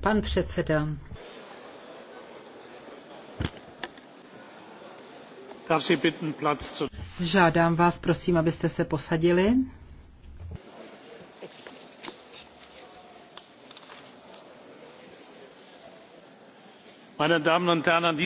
Pan předseda. Žádám vás, prosím, abyste se posadili. Meine Damen und Herren,